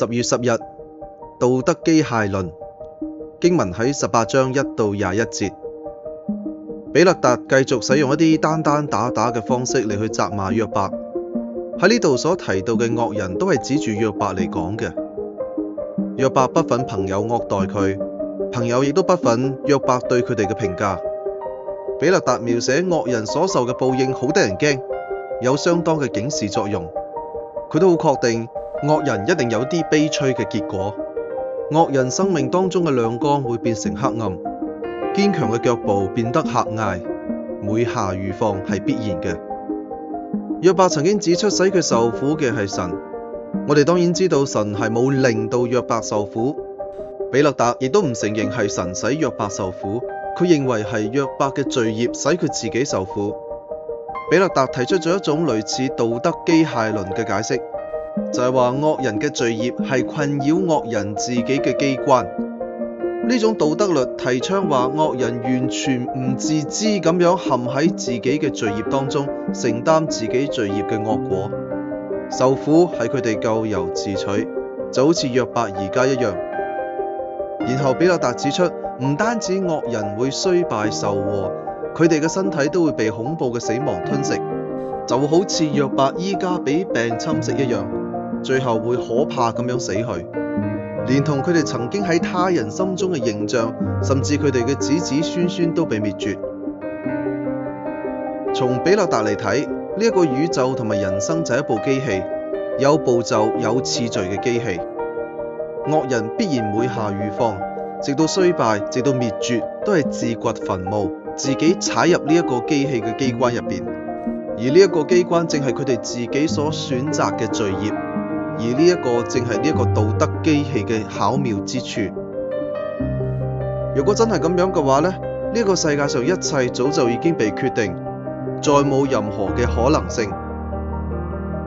十月十日，《道德機械論》經文喺十八章一到廿一節，比勒達繼續使用一啲單單打打嘅方式嚟去責罵約伯。喺呢度所提到嘅惡人都係指住約伯嚟講嘅。約伯不憤朋友惡待佢，朋友亦都不憤約，約伯對佢哋嘅評價。比勒達描寫惡人所受嘅報應好得人驚，有相當嘅警示作用。佢都好確定。惡人一定有啲悲催嘅結果，惡人生命當中嘅亮光會變成黑暗，堅強嘅腳步變得狹隘，每下愈況，係必然嘅。約伯曾經指出，使佢受苦嘅係神，我哋當然知道神係冇令到約伯受苦。比勒達亦都唔承認係神使約伯受苦，佢認為係約伯嘅罪孽使佢自己受苦。比勒達提出咗一種類似道德機械論嘅解釋。就係話惡人嘅罪孽係困擾惡人自己嘅機關。呢種道德律提倡話，惡人完全唔自知咁樣陷喺自己嘅罪孽當中，承擔自己罪孽嘅惡果，受苦係佢哋咎由自取，就好似約伯而家一樣。然後比勒達指出，唔單止惡人會衰敗受禍，佢哋嘅身體都會被恐怖嘅死亡吞食，就好似約伯而家俾病侵蝕一樣。最後會可怕咁樣死去，連同佢哋曾經喺他人心中嘅形象，甚至佢哋嘅子子孫孫都被滅絕。從比勒達嚟睇，呢、這、一個宇宙同埋人生就係一部機器，有步驟、有次序嘅機器。惡人必然每下愈況，直到衰敗，直到滅絕，都係自掘墳墓，自己踩入呢一個機器嘅機關入邊。而呢一個機關正係佢哋自己所選擇嘅罪孽。而呢一個正係呢一個道德機器嘅巧妙之處。如果真係咁樣嘅話呢呢、這個世界上一切早就已經被決定，再冇任何嘅可能性。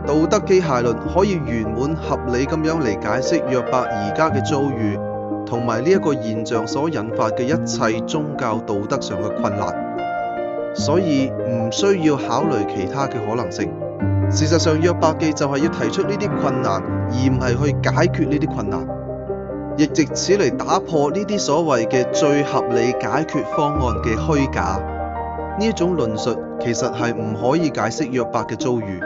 道德機械論可以圓滿合理咁樣嚟解釋約伯而家嘅遭遇，同埋呢一個現象所引發嘅一切宗教道德上嘅困難，所以唔需要考慮其他嘅可能性。事實上，約伯記就係要提出呢啲困難，而唔係去解決呢啲困難，亦藉此嚟打破呢啲所謂嘅最合理解決方案嘅虛假。呢一種論述其實係唔可以解釋約伯嘅遭遇。